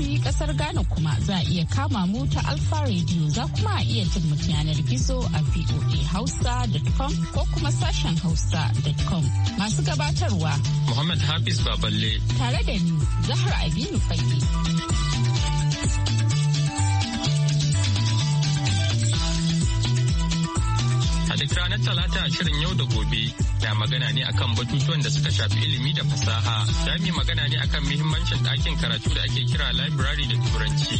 Kumasi kasar Ghana kuma za a iya kama mu ta Alfa Radio za kuma a iya jin mu yanar gizo a VOA ko kuma sashen Hausa.com. Masu gabatarwa Muhammad Hafiz Baballe tare da ni Zahra Aminu Fage. duk ranar talata shirin yau da gobe na magana ne akan batutuwan da suka shafi ilimi da fasaha dami magana ne akan muhimmancin ɗakin karatu da ake kira library da turanci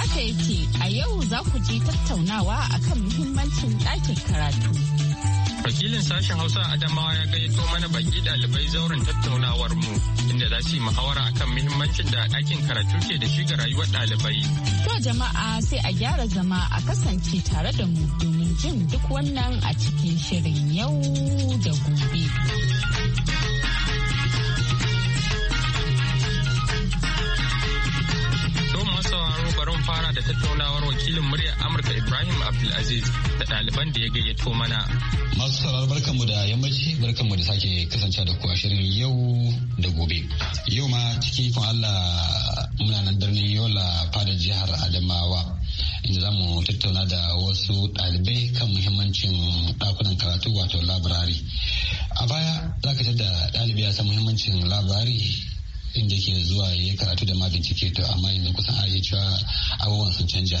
haka yake a yau za ku ji tattaunawa akan muhimmancin ɗakin karatu Wakilin sashen Hausa Adamawa ya gayyato mana baki ɗalibai zauren tattaunawar mu inda za su yi muhawara akan muhimmancin da ɗakin karatu ke da shi ga rayuwar ɗalibai. To jama'a sai a gyara zama a kasance tare da mu domin jin duk wannan a cikin shirin yau da gobe. wakilin muryar Amurka Ibrahim Abdulaziz da ɗaliban da ya gayyato mana. Masu sauraro barkanmu da yammaci barkanmu da sake kasance da kuwa shirin yau da gobe. Yau ma cikin ikon Allah muna nan birnin Yola fadar jihar Adamawa. inda za mu tattauna da wasu ɗalibai kan muhimmancin ɗakunan karatu wato labarari a baya za ka da ɗalibai ya san muhimmancin labari inda ke zuwa ya karatu da ma bincike to amma yanzu kusan a cewa abubuwan sun canja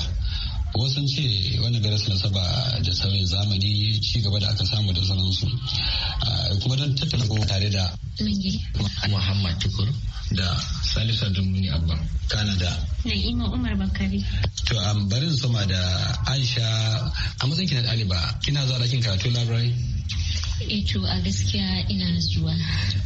Wasan ce wani garas nasaba da sauyin zamani ci gaba da aka samu da sauransu ah, kuma don tattala ko tare da muhammad tukur da salisa dumuni abba kanada na'ima umar bakari to am barin sama da aisha a matsayin kina daliba. kina zara kin karatu library Eto eh, a gaskiya ina zuwa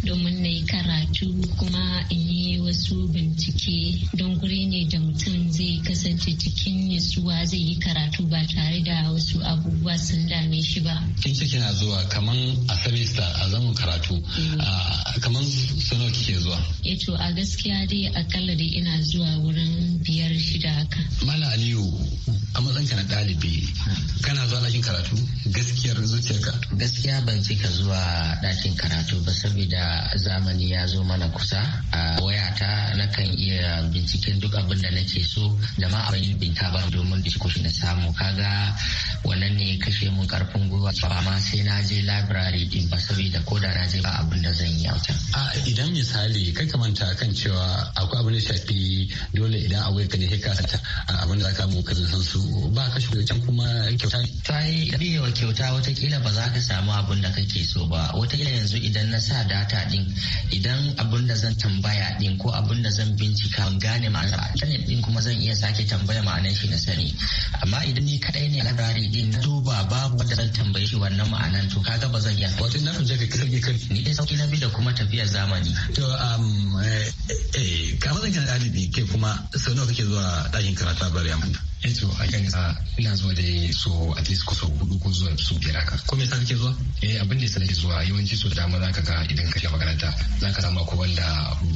domin na yi karatu kuma in yi wasu bincike don guri ne da mutum zai kasance cikin nutsuwa zai yi karatu ba tare da wasu abubuwa sun dame shi ba. In ce kina zuwa kaman a semester a zaman karatu mm. ah, kaman suna kike zuwa? Eto eh, a gaskiya dai akalla dai ina zuwa wurin biyar shida haka. Mala Aliyu a matsayinka na ɗalibi kana zuwa lakin karatu gaskiyar zuciyarka? Gaskiya ban cika zuwa ɗakin karatu ba saboda zamani ya zo mana kusa a wayata kan iya binciken duk abin da nake so da ma abin binta ba domin shi na samu kaga wannan ne kashe mun karfin gwiwa Ba amma sai na je library din ba saboda ko da na je ba abin da zan yi a idan misali kai ka manta kan cewa akwai abin da shafi dole idan a ka ne ka sata abin da zaka mu zan su ba ka shigo can kuma kyauta. ta yi wa kyauta kila ba za ka samu abin da kake so ba wataƙila yanzu idan na sa data din idan abin da zan tambaya din ko abin da zan bincika ban gane a internet din kuma zan iya sake tambaya ma'anar shi na sani amma idan ni kadai ne labari din na duba babu wanda zan tambaye shi wannan ma'anar to kaga ba zan iya wato na fahimci ka kirge kan ni dai sauki na bi da kuma tafiyar zamani to um eh kamar zan dalibi ke kuma sau nawa kake zuwa ɗakin karatu a bari amma eto eh, akan kan ah, sa ina zuwa da so at least kusa hudu ko zuwa su biyar haka ko me kake zuwa eh abin da yasa zuwa yawanci so dama zaka ga idan ka je makaranta zaka samu ko wanda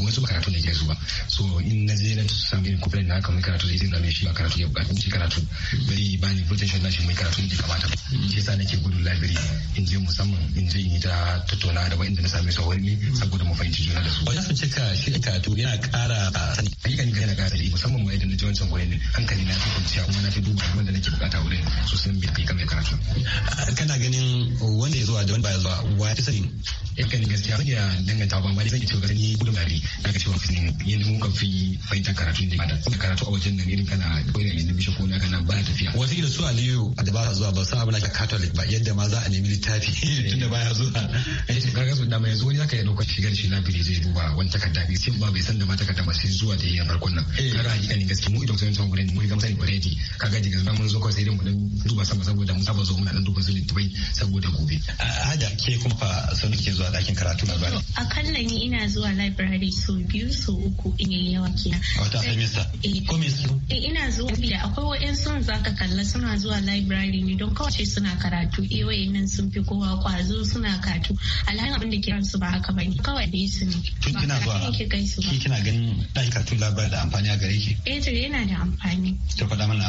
wasu karatu ne ke zuwa so in na je na samu irin kuɗin na haka mun karatu da idan na shi ba karatu ya bukatu shi karatu bai ba ni potential na shi mai karatu ne kamata shi yasa nake gudun library in je musamman in je in yi ta tattauna da wanda na same su wani saboda mu fahimci juna da su wajen su cika shi karatu yana ƙara sani ah, ayyukan yana ƙara sani musamman ma idan na ji wancan wani hankali na fi lafiya kuma na fi duba abin da nake bukata wurin su san bi kai kamar karatu kana ganin wanda ya zuwa eh, da wanda ya zo wa ta sani sani yakan gaskiya ba ya danganta ba amma zan iya cewa gani gudun bari na ga cewa fitin yadda mun kan fi fahimtar karatu ne da karatu a wajen nan irin kana koyar da bishe ko na kana ba tafiya wasu da su aliyu da ba zuwa ba sa abin da catholic ba yadda ma za a nemi littafi tunda ya zuwa a eh, yi kaga su da mai zuwa zaka yi lokaci shigar shi na biri zai duba wani takarda bi sai ba bai san da ma takarda ba sai zuwa da yayin farkon nan eh. kaga hakika ne gaskiya mu idan sun san gurin mu ga mutane already Ka kaga jigar mun zo kawai sai mu dan duba sama saboda mu saba zo muna dan duba zuwa Dubai saboda gobe hada ah, ke kuma fa sau nake zuwa dakin karatu na a akalla ni ina zuwa library so biyu so uku in yi yawa kina. wata semester eh. ko me eh, su ina zuwa biya akwai wa'in sun zaka kalla suna zuwa library ne don kawace suna karatu eh nan sun fi kowa kwazo suna karatu alhain abin da kiransu ba haka bane kawai dai su ne kina zuwa kina ganin dakin karatu labar da amfani a gare ki eh to yana da amfani to faɗa mana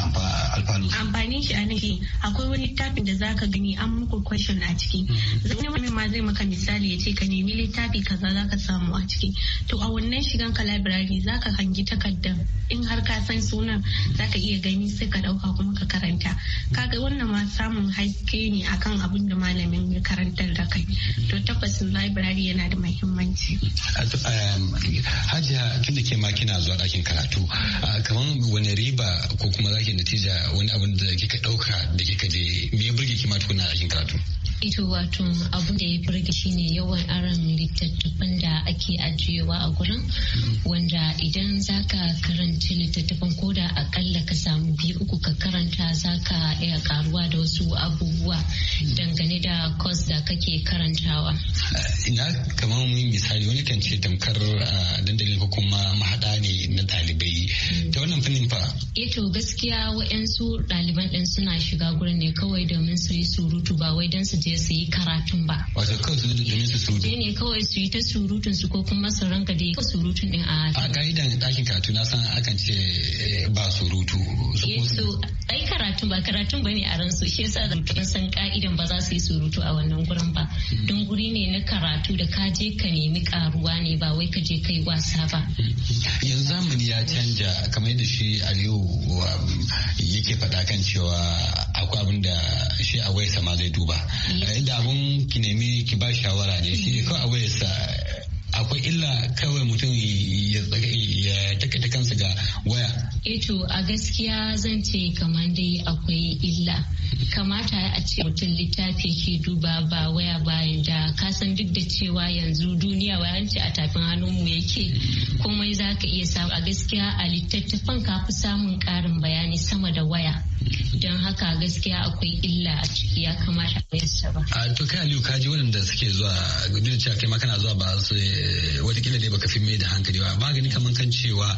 alfanu amfanin shi a nufi akwai wani littafin da zaka gani an muku question a ciki mm-hmm. zai wani ma zai maka misali ya ce ka nemi littafi kaza zaka samu a ciki to a wannan shigan ka library zaka hangi takardar in har ka san sunan zaka iya gani sai ka ɗauka kuma ka karanta ka ga wannan ma samun haske ne akan abin da malamin ya karantar da kai to tabbasin library yana da muhimmanci um, hajiya tun da ke ma kina zuwa ɗakin karatu uh, kamar wani riba ko kuma kuma zaki natija wani abin da kika dauka da kika je me ya burge ki ma tukuna a karatu ito wato abin da ya burge shine yawan aron littattafan da ake ajiyewa a gurin wanda idan zaka karanta littattafan ko da akalla ka samu biyu uku ka karanta zaka iya karuwa da wasu abubuwa dangane da kos da kake karantawa? Ina kamar mun misali wani kan ce tamkar dandalin ko kuma mahaɗa ne na ɗalibai. Hmm. Ta wannan fannin fa? Eto eh gaskiya wa'yansu ɗaliban ɗin suna shiga gurin ne kawai domin su yi surutu ba wai don su je su yi karatun ba. Wato kawai su domin su surutu? Je ne kawai su yi ta surutun su ko kuma su ranka da surutun ɗin a. A ka'idan ɗakin karatu na san akan ce eh, ba surutu. Eto eh ai karatun ba karatun ba ne a su shi yasa da san ka'idan ba za su Sai surutu a wannan gurin ba don guri ne na karatu da ka je ka nemi karuwa ne ba wai ka je kai wasa ba yanzu zamani ya canja kamar yadda shi aliyu um, yake faɗa kan cewa akwai abin da shi a wayarsa ma zai duba inda abun ki nemi ki ba shawara ne shi kawai a sa. akwai illa kawai mutum ya takaita kansa ga waya. Eto eh a gaskiya zan ce kamar dai akwai illa. Kamata a ce mutum littafi ke duba ba waya ba da kasan duk da cewa yanzu duniya ce a tafin hannunmu yake komai za ka iya samu a gaskiya a littattafan ka fi samun karin bayani sama da waya. Don haka gaskiya akwai illa a ciki ya kamata a yi. ba. A to kai Aliyu kaji waɗanda suke zuwa duk da cewa kai ma kana zuwa ba su Eh, watakila dai baka fi mai da hankali ba ba gani kamar kan cewa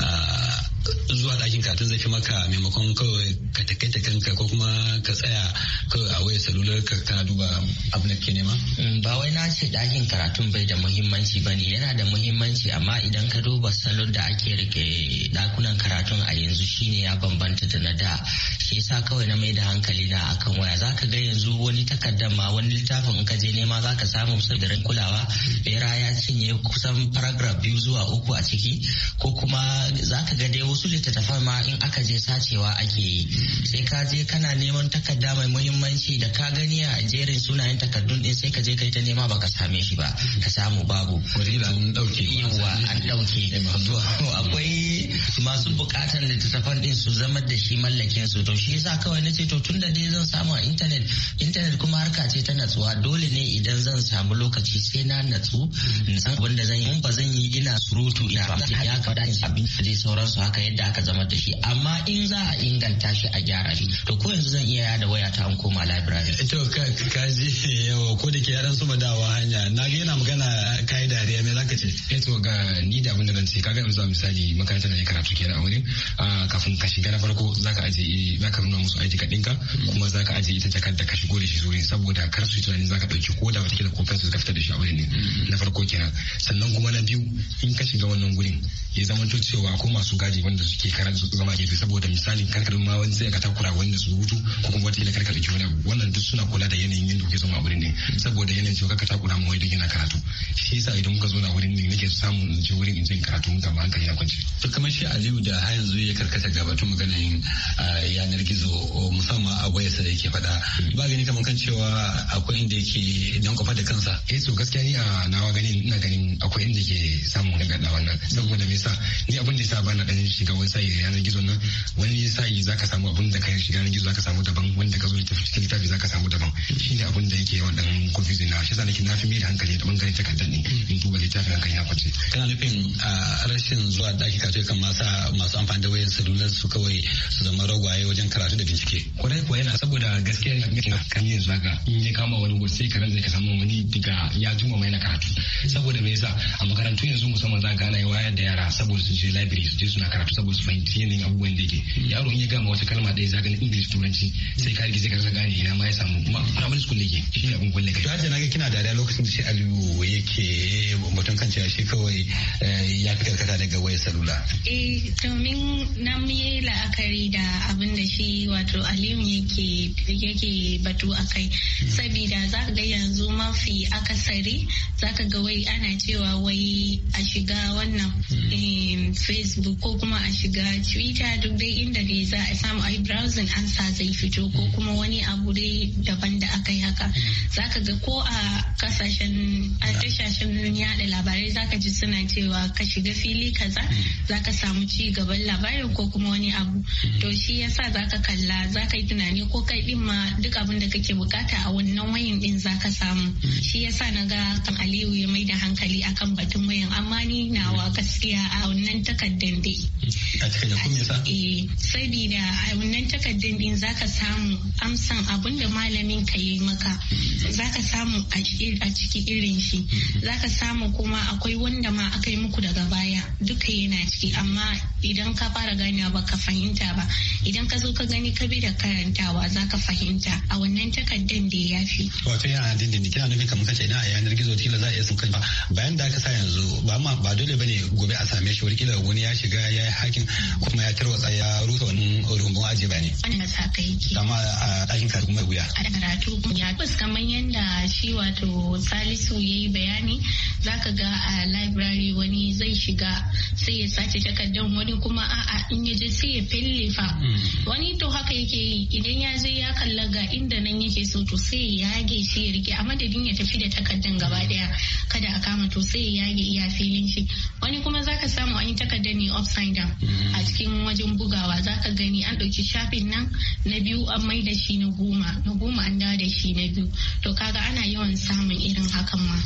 ah, zuwa ɗakin zai zafi maka maimakon kawai ka takaita kanka ko kuma ka tsaya kawai a waya salular ka ka duba abin da ke nema? Mm, ba wai na ce dakin karatun bai da muhimmanci ba ne yana da muhimmanci amma idan ka duba salon da ake rike ɗakunan karatun a yanzu shine ya bambanta da na da shi yasa kawai na mai da hankali na akan waya zaka ga yanzu wani takardar ma wani littafin in ka je nema zaka samu sadarin kulawa bera ya ya kusan paragraph biyu zuwa uku a ciki ko kuma za ka ga dai wasu littattafan ma in aka je sacewa ake yi sai ka je kana neman takarda mai muhimmanci da ka gani a jerin sunayen takardun din sai ka je kai ta nema ba ka same shi ba ka samu babu an dauke yawa an dauke akwai masu bukatar littattafan din su zama da shi mallakin su to shi yasa kawai ce to tun da dai zan samu a internet internet kuma harka ce ta natsuwa dole ne idan zan samu lokaci sai na natsu in wanda zan yi ba zan yi ina surutu ina ba ya ka dace abin da sauransu haka yadda aka zama da shi amma in za a inganta shi a gyara shi to ko yanzu zan iya yada waya ta an koma library eh, to ka ji yawa ko da ke yaran su madawa hanya na ga yana magana kai dariya me zaka ce eh to ga ni da abin da zan ce ga yanzu misali makarantar da ya karatu kenan a wurin kafin ka shiga na farko zaka aje zaka nuna musu aiki ka dinka mm. kuma zaka aje ita jakar da ka shigo da shi zuwa saboda kar su tunanin zaka dauki ko da wata kila ko ka fita da shi a wurin ne mm. na farko kenan sannan kuma na biyu in ka shiga wannan gurin ya zama to cewa ko masu gaji wanda suke karanta su zama gefe saboda misali karkarin ma wani sai ka takura wanda su hutu ko kuma wata karka ki wani abu wannan duk suna kula da yanayin yadda kuke zama a wurin ne saboda yanayin cewa ka takura mu wai duk yana karatu shi yasa idan muka zo na wurin ne nake samun in je wurin in je karatu mu gaba hankali na kwance to kamar shi Aliyu da har yanzu ya karkata gaba tun maganin yanar gizo musamman a wayarsa da yake faɗa ba gani kamar kan cewa akwai inda yake don kwafa da kansa eh so gaskiya ni a na nawa gani na ganin akwai inda ke samun gaggada wannan saboda me sa ni abin da yasa ba na dan shiga wani sai yanar gizo nan wani sai zaka samu abin da ka shiga yanar gizo zaka samu daban wanda ka zo cikin littafi zaka samu daban shine abin da yake yawan dan confusing na shi yasa nake na fi mai da hankali da bangaren takardar ne in duba littafin hankali ya kwace kana nufin rashin zuwa daki kace kan masa masu amfani da wayan salular su kawai su zama ragwaye wajen karatu da bincike kwarai kuwa yana saboda gaskiya ne kan yin haka in ya kama wani gurse karen zai ka samu wani diga ya juma mai na karatu saboda me yasa a makarantu yanzu musamman za ka yi wayar da yara saboda su je library su je suna karatu saboda su fahimci yanayin abubuwan da yake yaro in ya gama wata kalma ɗaya za ka na english turanci sai ka rike sai ka gane ina ma ya samu kuma primary school ke shi ne abin kulle kai to hajji na ga kina dariya lokacin da shi aliyu yake mutum eh, kan cewa shi kawai eh, ya fi karkata daga wayar salula eh domin na yi la'akari da abin da shi wato aliyu yake yake batu akai hmm. sabida za ka ga yanzu mafi akasari za ka ga wai ana cewa wai a shiga wannan facebook ko kuma a shiga twitter duk dai inda dai za a samu ai browsing ansa zai fito ko kuma wani abu dai daban da aka yi haka zaka ga ko a kasashen a tashashen yada labarai zaka ji suna cewa ka shiga fili kaza zaka samu ci gaban labarin ko kuma wani abu to shi yasa zaka kalla zaka yi tunani ko kai din ma duk abin da kake bukata a wannan wayin din zaka samu shi yasa na ga kan Aliyu ya mai da hankali akan batun wayan amma ni nawa gaskiya a wannan takardar dai a cikin da eh, sabida a wannan takardar din ka samu amsan abin da malamin ka yi maka za ka samu a ciki irin shi Za ka samu kuma akwai wanda ma aka yi muku daga baya duka yana ciki amma idan ka fara gani ba ka fahimta ba idan ka zo ka gani ka bi da karantawa za ka fahimta a wannan takardar da ya fi wato yana dindindin kina nufin kamar kace idan a yanar gizo kila za ya ba bayan da aka sa yanzu ba ma ba dole bane gobe a same shi wani kila wani ya shiga ya yi hakin kuma ya tarwatsa ya rusa wani rumbun ajiye bane wani masaka a ɗakin karatu mai wuya a karatu ya kus kamar yadda shi wato salisu ya yi bayani za ka ga a library wani zai shiga sai ya sace takardar wani kuma a'a in ya je sai ya fillifa hmm. wani to haka yake yi idan ya je ya kalla ga inda nan yake so to sai ya yage shi ya rike a madadin ya tafi da takardar gaba daya kada a kama to sai ya yage iya filin shi wani kuma zaka samu an yi takarda ne upside down a cikin wajen bugawa zaka gani an ɗauki shafin nan na biyu an mai da shi na goma na goma an dawo da shi na biyu to kaga ana yawan samun irin hakan ma.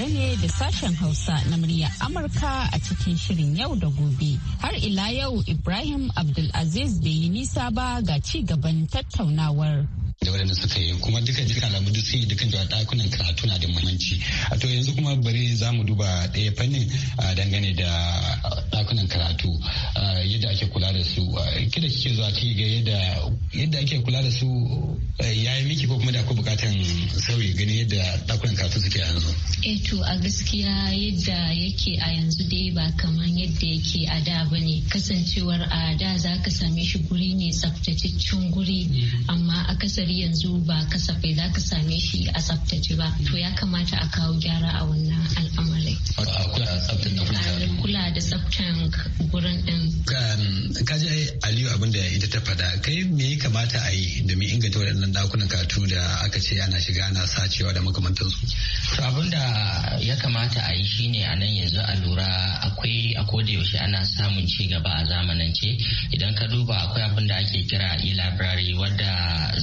tare ne da sashen Hausa na murya Amurka a cikin shirin yau da gobe. Har ila yau Ibrahim Abdulaziz bai yi nisa ba ga ci gaban tattaunawar. da waɗanda suka yi kuma duka duka alamu duk sun yi dukkan jawa ɗakunan karatu na da muhimmanci a to yanzu kuma bari za mu duba ɗaya fannin dangane da ɗakunan karatu yadda ake kula da su kida kike zuwa kike ga yadda yadda ake kula da su ya yi miki ko kuma da ku bukatan sauyi gani yadda ɗakunan karatu suke yanzu. eh to a gaskiya yadda yake a yanzu dai ba kamar yadda yake a da ba ne kasancewar a da za ka same shi guri ne tsaftataccen guri mm-hmm. amma akasari yanzu ba kasafai za ka same shi a tsaftace ba to ya kamata a kawo gyara a wannan al'amarin. kula da tsaftan gurin din. kaji aliyu abin da ita ta fada kai me ya kamata a yi domin inganta waɗannan dakunan katu da aka ce ana shiga ana sacewa da makamantansu. to abin da ya kamata a yi shine a nan yanzu a lura akwai a yaushe ana samun ci gaba a zamanance idan ka duba akwai abin da ake kira e-library wadda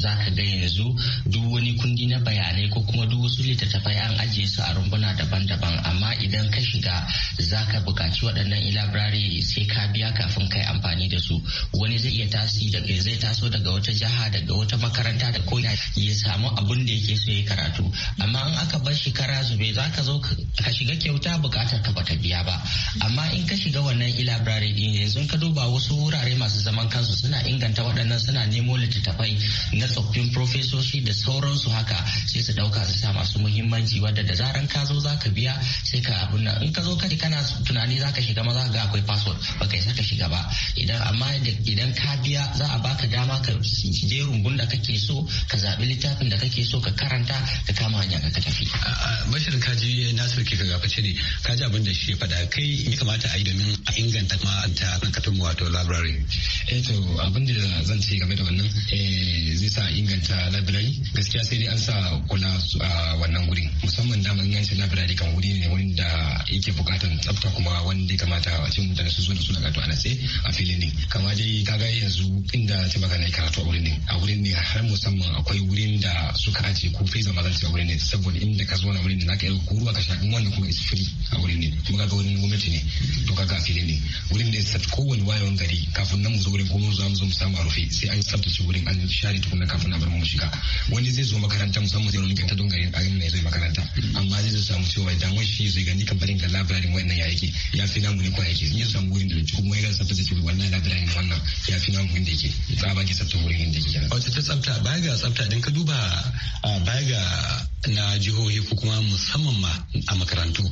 za ka ga yanzu duk wani kundi na bayanai ko kuma duk wasu littattafai an ajiye su a rumbuna daban-daban amma idan ka shiga za ka buƙaci waɗannan ilabrari sai ka biya kafin kai amfani da su wani zai iya tasi daga zai taso daga wata jiha daga wata makaranta da koya ya samu abun da yake so ya karatu amma in aka bar shi kara zube za ka zo ka shiga kyauta buƙatar ka bata biya ba amma in ka shiga wannan ilabrari din yanzu ka duba wasu wurare masu zaman kansu suna inganta waɗannan suna nemo littattafai na tsoffin profesoshi da sauransu haka sai su dauka su sa masu muhimmanci wadda da zaran ka zo za ka biya sai ka abin nan in ka zo kadi kana tunani za ka shiga ma za ka ga akwai password ba kai saka shiga ba idan amma idan ka biya za a baka dama ka je rumbun da kake so ka zaɓi littafin da kake so ka karanta ka kama hanya ka tafi. Bashir kaji Nasir ke ka ce ne kaji abin da shi faɗa kai ya kamata a yi domin a inganta ta kan katon wato library. Eh to abin da zan ce game da wannan eh, zai sa inganta inganta library gaskiya sai dai an sa kula a wannan gurin musamman dama inganci library kan wuri ne wani da yake bukatan tsafta kuma wanda ya kamata a cikin mutane su zo da suna gato a natse a filin ne kama dai kaga yanzu inda ce baka na karatu a wurin ne a wurin ne har musamman akwai wurin da suka aje ko fesa ma zance a wurin ne saboda inda ka zo na wurin ne zaka iya ko ruwa ka sha in kuma is free a wurin ne kuma kaga wurin gwamnati ne to kaga a filin ne wurin ne sa kowane wayewan gari kafin nan mu zo wurin kuma mu zo mu samu a rufe sai an tsaftace wurin an share tukunna kafin a mu shiga wani zai zo makaranta musamman zai rubuta don garin garin mai zai makaranta amma zai zo samu cewa idan wani shi zai gani kan barin ga labarin wannan ya yake ya fi namu ne kwa yake in zan samu wurin da ya kuma ya gasa zai ce wannan labarin wannan ya fi namu inda yake tsaba ke tsabta wurin inda yake A wata ta tsabta baya ga tsabta idan ka duba baya ga na jihohi ko kuma musamman ma a makarantu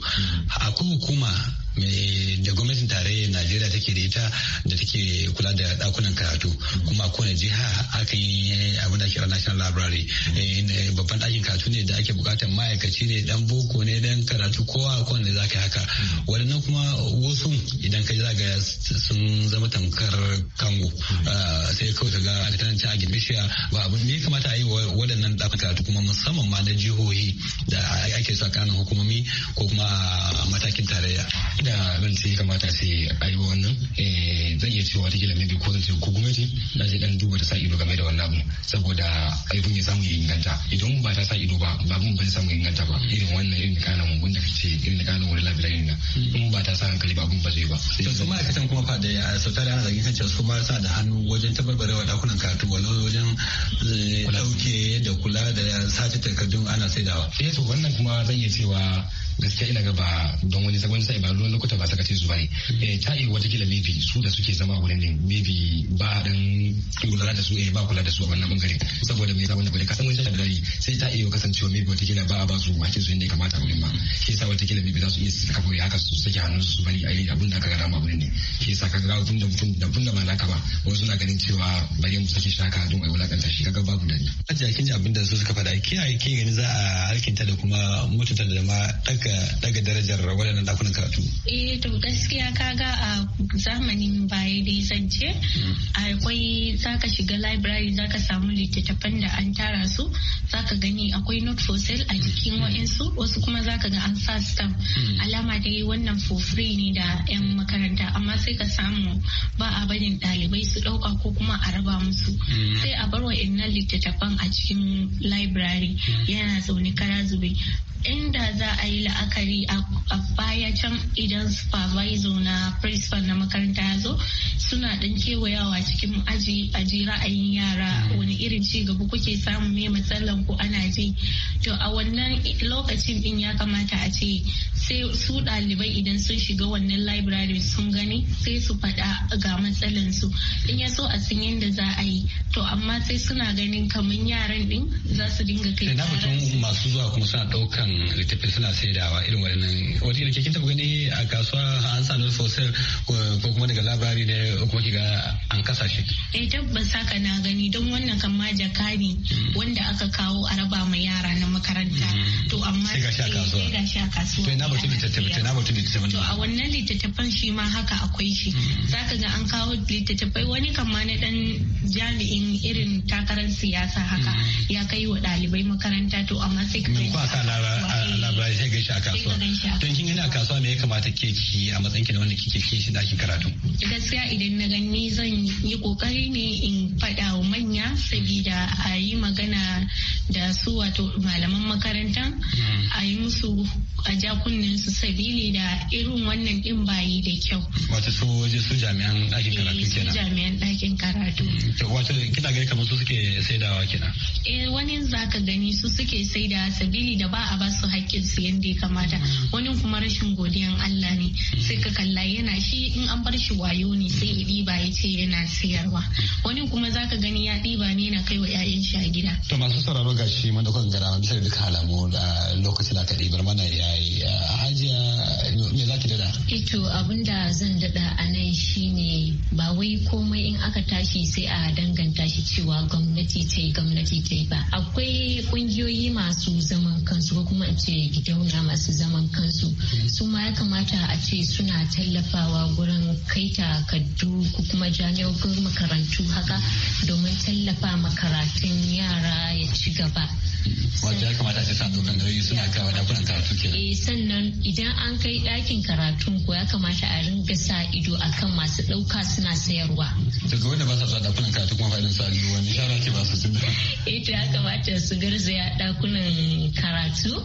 akwai hukuma Eh, da gwamnatin tarayyar najeriya take da ita da take kula da dakunan karatu kuma a kowane jiha aka yi eh, abin da kira national library eh, babban dakin karatu ne da ake bukatar ma'aikaci ne dan boko ne dan karatu kowa kowane za ka haka waɗannan kuma wasu idan ka za ga sun zama tamkar kango ah, sai kawai ka ga alitancin a gindishiya ba abin ne kamata a yi waɗannan ɗakunan karatu kuma musamman ma na jihohi da ake sa kanin hukumomi ko kuma matakin tarayya da zan ce kamata sai a yi wannan eh, zan iya cewa ta kila maybe ko zan ce ko gwamnati na je dan duba ta sa ido game da wannan abu saboda aibun ya samu ya inganta idan ba ta sa ido ba ba mun zai samu inganta ba irin wannan irin mun gunda kace irin kana wani labirin nan in ba ta sa hankali mun ba zai ba. to su ma'aikatan kuma fa da sautari ana zargin zagin cewa su ma sa da hannu wajen tabarbarewa dakunan karatu walau wajen dauke eh, da kula da sace takardun ana saidawa. eh to wannan kuma zan iya cewa gaskiya ina ga ba don wani sabon sai ba don lokuta ba sakacin su bane eh ta yi wata kila maybe su da suke zama wurin ne maybe ba dan kula da su eh ba kula da su a wannan bangare saboda me yasa wannan bane kasan wani da dare sai ta iya kasancewa maybe wata kila ba a ba su hakkin su inda ya kamata wurin ba shi yasa wata kila maybe za su iya su saka kuri haka su saki hannun su bari ayi abin da aka ga dama wurin ne shi yasa kaga ga tun da mutum da tun da ba naka ba wasu na ganin cewa bari mu saki shaka don ai wulakanta shi kaga babu dani a jakin abin da su suka faɗa kiyaye kiyaye gani za a harkinta da kuma mutunta da ma daga darajar waɗannan dakunan karatu eh to gaskiya kaga a zamanin baya dai zance akwai zaka shiga library zaka samu littattafan da an tara su zaka gani akwai not for sale a jikin wa'insu wasu kuma zaka ga an sa stamp alama dai wannan for free ne da 'yan makaranta amma sai ka samu ba a barin ɗalibai su ɗauka ko kuma a raba musu sai a bar wa'innan littattafan a cikin library yana zaune kara zube inda za a yi la'akari a baya can idan supervisor na principal na makaranta ya zo suna dan kewayawa cikin aji ji ra'ayin yara wani irin ci gaba kuke samu me matsalan ku ana ji to a wannan lokacin din ya kamata a ce sai su ɗalibai idan sun shiga wannan library sun gani sai su faɗa ga matsalan su in ya so a san yadda za a yi to amma sai suna ganin kamar yaran din za su dinga kai masu zuwa kuma suna ɗaukan littattafai suna wa irin waɗannan wata irin kin taɓa gani a kasuwa an sa nufi sosai ko kuma daga labari ne kuma kiga an kasa shi. eh tabbas haka na gani don wannan kan ma jaka ne mm. wanda aka kawo a raba ma yara na makaranta mm. to amma sai ga shi a eh, kasuwa sai ga shi a kasuwa to na batun littattafai na batun littattafai to a wannan littattafan shi ma haka akwai shi mm. zaka ga an kawo littattafai wani kan ma na dan jami'in irin takarar siyasa haka ya kai wa ɗalibai makaranta to amma sai ka a labirari sai gaishe a kasuwa don kin gani a kasuwa me ya kamata ke ki a matsayin ki na wanda kike ke shi dakin karatu gaskiya idan na gani zan yi kokari ne in fada wa manya saboda a yi magana da su wato malaman makarantan hmm. a yi musu a jakunan su sabili da irin wannan din bayi da kyau wato su waje su jami'an dakin eh, karatu kenan su jami'an dakin karatu hmm. wato kina gani kamar su suke saidawa kenan eh wani zaka gani su suke saida sabili da ba a ba su haƙƙin yadda ya kamata mm. wani kuma rashin godiyan Allah ne sai ka kalla yana shi in an bar shi wayo ne sai ya ɗiba ya ce yana siyarwa wani kuma za ka gani ya ɗiba ne na kai wa 'ya'yan shi a gida. To masu sauraro ga shi madaukan gara bisa duka alamu da lokacin ɗibar mana ya a hajiya me za ki dada? Ito eh abin da zan dada a nan shine ba wai komai in aka tashi sai a danganta shi cewa gwamnati ta yi gwamnati ta yi ba akwai ƙungiyoyi masu zaman kansu ko kuma ce gidauna masu zaman kansu mm-hmm. su ma ya kamata a ce suna tallafawa gurin kai kaddu ko kuma jami'o'in makarantu haka domin tallafa makaratun yara ya ci gaba. Wajen suna kawo karatu eh, sannan idan an kai ɗakin karatun ko ya kamata a ringa sa ido akan masu ɗauka suna sayarwa. Daga wanda ba sa sa ɗakunan karatu kuma faɗin sa wani shara ke ba su tunda. Eh ya kamata su garzaya ɗakunan karatu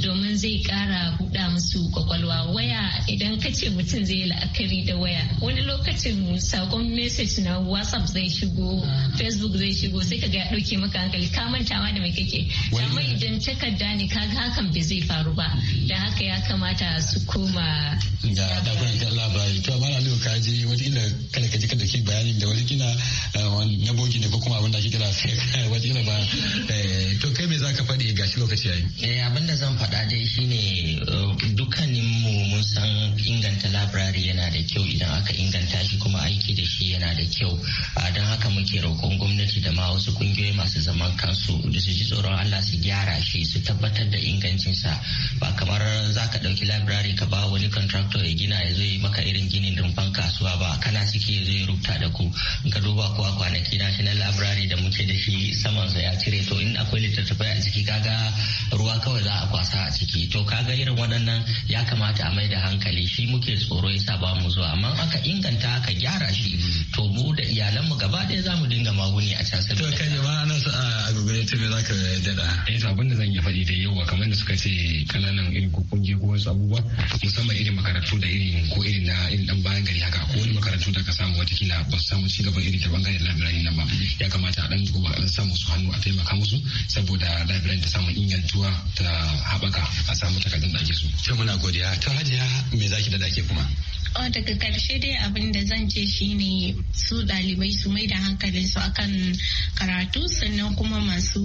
domin zai kara huda musu kwakwalwa waya idan ka ce mutum zai la'akari da waya wani lokacin sakon message na whatsapp zai shigo facebook zai shigo sai ka ga ya ɗauke maka hankali ka manta ma da mai kake amma idan takarda ne kaga hakan bai zai faru ba da haka ya kamata su koma da dakunan labari to amma na ka je wata ila kada ka ji kada ke bayanin da eh, wani gina na bogi ne ko kuma abin da ake kira fake wata ila ba eh, to kai me zaka faɗi gashi lokaci yayi eh, abin da zan faɗa dai shine eh, dukkanin mu mun san inganta labirare yana da kyau idan aka inganta shi kuma aiki da shi yana da kyau don haka muke roƙon gwamnati da ma wasu kungiyoyi masu zaman kansu da su ji tsoron Allah su gyara shi su tabbatar da ingancinsa ba kamar za ka ɗauki labirare ka ba wani contractor ya gina ya zo ya maka irin ginin rumfan kasuwa ba kana ciki ya zo ya rubuta da ku in ka duba kuwa kwanaki na library da muke da shi samansa ya cire to in akwai littattafai a ciki kaga ruwa kawai za a kwasa a ciki to kaga irin waɗannan ya kamata a mai da hankali shi muke tsoro yasa ba mu zuwa amma aka inganta aka gyara shi to mu da iyalanmu gaba ɗaya za mu dinga maguni a can to kai ne ma anan a gugure ta me za ka dada eh to abinda zan iya faɗi da yawa kamar da suka ce kananan irin ko kunje ko wasu abubuwa musamman irin makarantu da irin ko irin na irin dan bayan gari haka ko wani makarantu da ka samu wata kila ba su samu ci gaban irin ta bangaren labirarin nan ba ya kamata a dan duba a samu su hannu a taimaka musu saboda labirarin ta samu ingantuwa ta haɓaka a samu takardun da ake so. muna godiya. ta hajiya me zaki ki daɗa ke kuma? Oh, daga karshe dai abin da zan ce shine su dalibai su mai da hankalin su akan karatu sannan kuma masu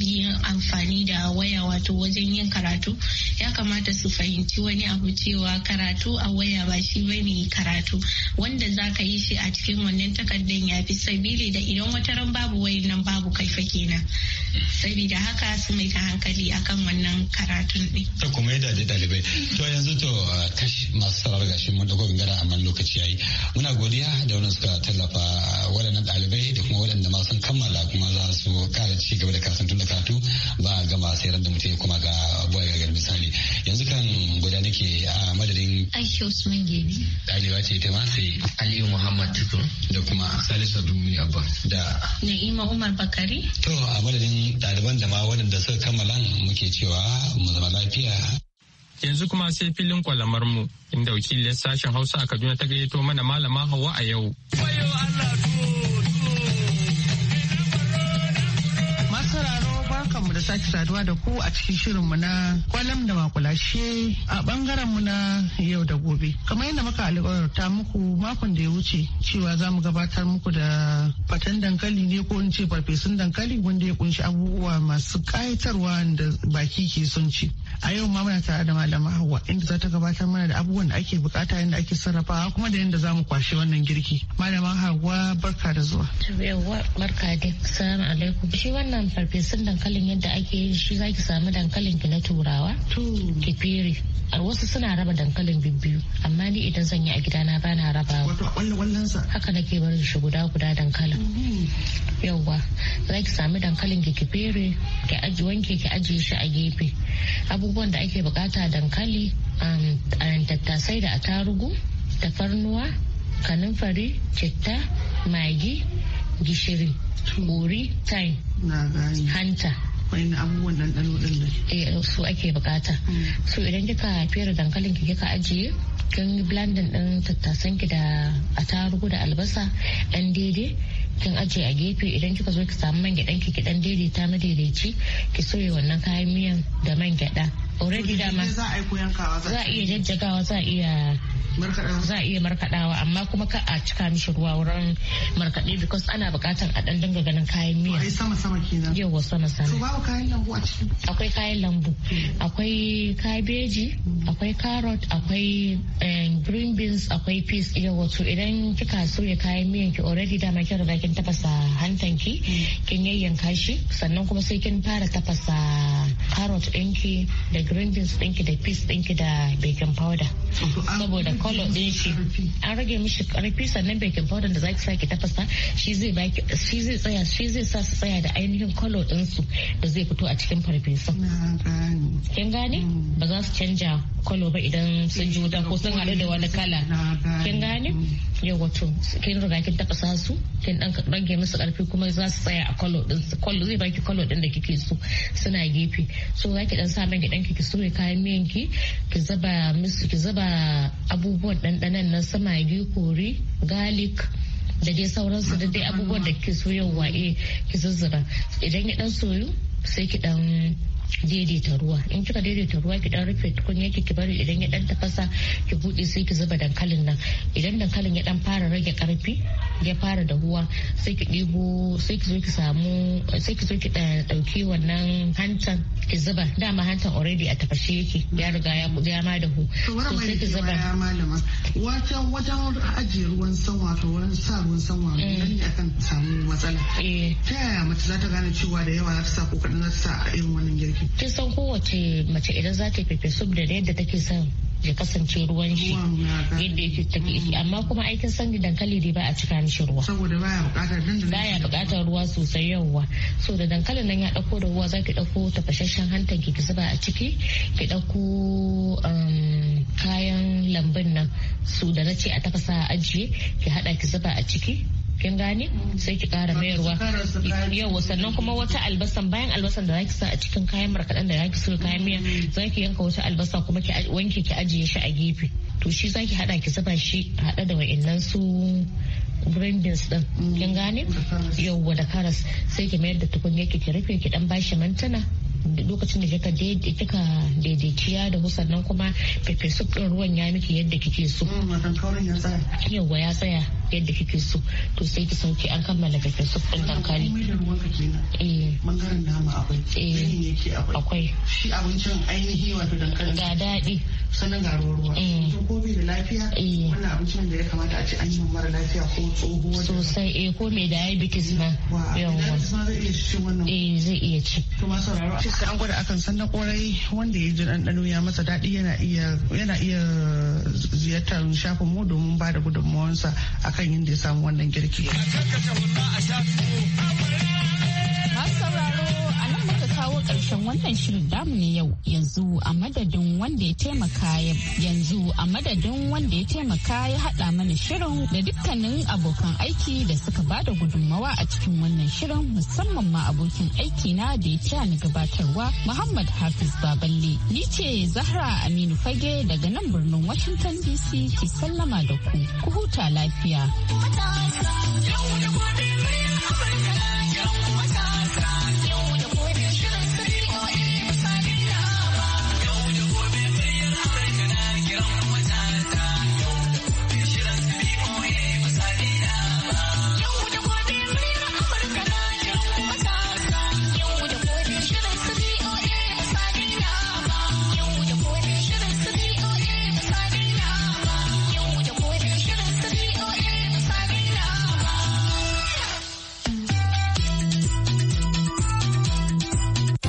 biyan amfani da waya wato wajen yin karatu ya kamata su fahimci wani abu cewa karatu a waya ba shi bane karatu wanda za ka yi shi a cikin wannan takardar ya fi sabili da idan wata ran babu wayan nan babu kaifa kenan sabida haka su mai da hankali akan wannan karatun din. Ta kuma yadda dalibai to yanzu to uh, kashi masu sarar gashi mun da bangaren amma lokaci yayi muna godiya da wannan suka tallafa waɗannan ɗalibai da kuma waɗanda ma sun kammala kuma za su ƙara ci gaba da kasantun da karatu ba a gama sai ran da mutum ya kuma ga buwa ga misali yanzu kan guda nake a madadin Aisha Usman Gebi ɗaliba ce ita ma sai Aliyu Muhammad Tukur da kuma Salisa Dumuni Abba da Na'ima Umar Bakari to a madadin ɗaliban da ma waɗanda suka kammala muke cewa mu zama lafiya Yanzu kuma sai filin kwalamar mu inda wakilin sashen Hausa a Kaduna ta gayyato mana malama hawwa a yau. Masararo barkanmu da sake saduwa da ku a cikin shirinmu na kwalam da makulashe a bangaren mu na yau da gobe. Kamar yadda muka alƙawarta muku makon da ya wuce cewa za mu gabatar muku da fatan dankali ne ko in ce farfesun dankali wanda ya kunshi abubuwa masu ƙayatarwa da baki ke son ci. A yau ma muna tare da malama Hauwa inda za ta gabatar mana da abubuwan da ake bukata yadda ake sarrafawa kuma da yadda za mu kwashe wannan girki. Malama Hauwa barka da zuwa. Yawwa barka da Assalamu alaikum. Shi wannan farfesun dankalin irin yadda ake yin shi zaki samu dankalin ki na turawa ki fere a wasu suna raba dankalin bibbiyu amma ni idan zan yi a gida na bana rabawa haka nake barin shi guda guda dankalin mm-hmm. yawwa zaki samu dankalin ki ki fere ki aji wanke ki ajiye shi a gefe abubuwan da ake bukata dankali um, a tattasai da atarugu tafarnuwa kanunfari citta magi gishiri gori time hanta akwai abubuwan ɗanɗano ɗin nan. Eh su ake bukata. Hmm. So idan kika fere dankalin ki kika ajiye kin blending ɗin tattasan ki da attarugu da albasa ɗan daidai kin ajiye a gefe idan kika zo ki samu man gyaɗan ki dan daidaita madaidaici ki soya wannan kayan miyan da man gyaɗa. Already dama za a iya jajjagawa za a iya za a iya markaɗawa amma kuma ka a cika mishi ruwa wurin markaɗe because ana buƙatar a ɗan dinga ganin kayan miya wai sama sama kenan sama sama to babu kayan lambu a cikin. akwai kayan lambu akwai kabeji hmm. akwai carrot akwai eh, green beans akwai peas yawa to idan kika soya kayan miyan ki already dama kin riga kin tafasa hantanki. Hmm. kin yayyanka shi sannan kuma sai kin fara tafasa carrot ɗinki da green beans ɗinki da peas ɗinki da baking powder saboda kolo color din shi an rage mishi karfi sannan baking powder da zaki saki tafasa shi zai baki shi zai tsaya shi zai sa su tsaya da ainihin color din su da zai fito a cikin farfesun kin gane hmm. ba za su canja color ba idan sun juda ko sun haɗu da wani kala kin gane hmm. yau wato kin riga kin tafasa su kin dan rage musu karfi kuma za su tsaya a color din su color zai baki color din da kike so suna gefe so zaki dan sa mai dan kike so kayan miyan ki ki zaba musu ki zaba abu abubuwan ɗanɗanan na su magi kori garlic da dai sauransu da dai abubuwan da ke soyawa eh ki zuzzura idan ya dan soyu sai ki dan daidaita ruwa in kika daidaita ruwa ki dan rufe tukunya ki bari idan ya dan tafasa ki bude sai ki zuba dankalin nan idan dankalin ya dan fara rage karfi ya fara da ruwa sai ki ɗebo sai ki zo ki samu sai ki zo ki ɗauki wannan hantan ki zuba dama hantan already a tafashe yake ya riga ya ya ma da hu to sai ki zuba wata wajen ajiye ruwan sanwa to wurin sa ruwan sanwa wa ne akan samu matsala eh. ta yaya mace za ta gane cewa da yawa za ta sa ko kadan za ta sa irin wannan girki kin san kowace mace idan za ta fefe sub da yadda take son ya kasance ruwan shi yadda yake take amma kuma aikin san dankali dai ba a cika mishi ruwa saboda baya bukatar da baya bukatar ruwa sosai yawa so da dankalin nan ya dauko da ruwa zaki dauko tafashashen hantan ki zuba a ciki ki dauko um, kayan lambun nan su da na ce a tafasa a ajiye ki hada ki zuba a ciki kin gane sai ki kara mayarwa yau sannan kuma wata albasan bayan albasan da zaki sa a cikin kayan markaɗen da zaki suka kayan miya zaki yanka wata albasa kuma ki wanke ki ajiye shi a gefe to shi zaki hada ki zuba shi hada da wa'annan su brindins din kin gane yauwa da karas sai ki mayar da yake ki rufe ki dan bashi mantana lokacin da kika kika daidaiciya da husan nan kuma pepe soup ruwan ya miki yadda kike so yauwa ya tsaya yadda kike so to sai ki sauke an kammala da fesuf din dankali eh bangaren nama akwai eh akwai shi abincin ainihi wato dankali ga daɗi sannan ga ruwa eh. ko bai da lafiya eh. wannan abincin da ya kamata a ci an yi mara lafiya ko tsoho sosai eh ko mai diabetes ma yawa eh zai iya ci to ma sauraro sai an gwada akan san na kwarai wanda ya ji ɗanɗano ya masa daɗi yana iya yana iya ziyartar shafin mu domin ba da gudunmawarsa akan akan yadda ya samu wannan girki. Masu sauraro kawo ƙarshen wannan shirin damu ne yau yanzu a madadin wanda ya taimaka ya yanzu a madadin wanda ya taimaka ya haɗa mana shirin da dukkanin abokan aiki da suka bada gudunmawa a cikin wannan shirin musamman ma abokin aiki na da ya taya ni gabatarwa Muhammad Hafiz Baballe. Ni ce Zahra Aminu Fage daga nan birnin Washington DC ki sallama da ku. Ku huta lafiya.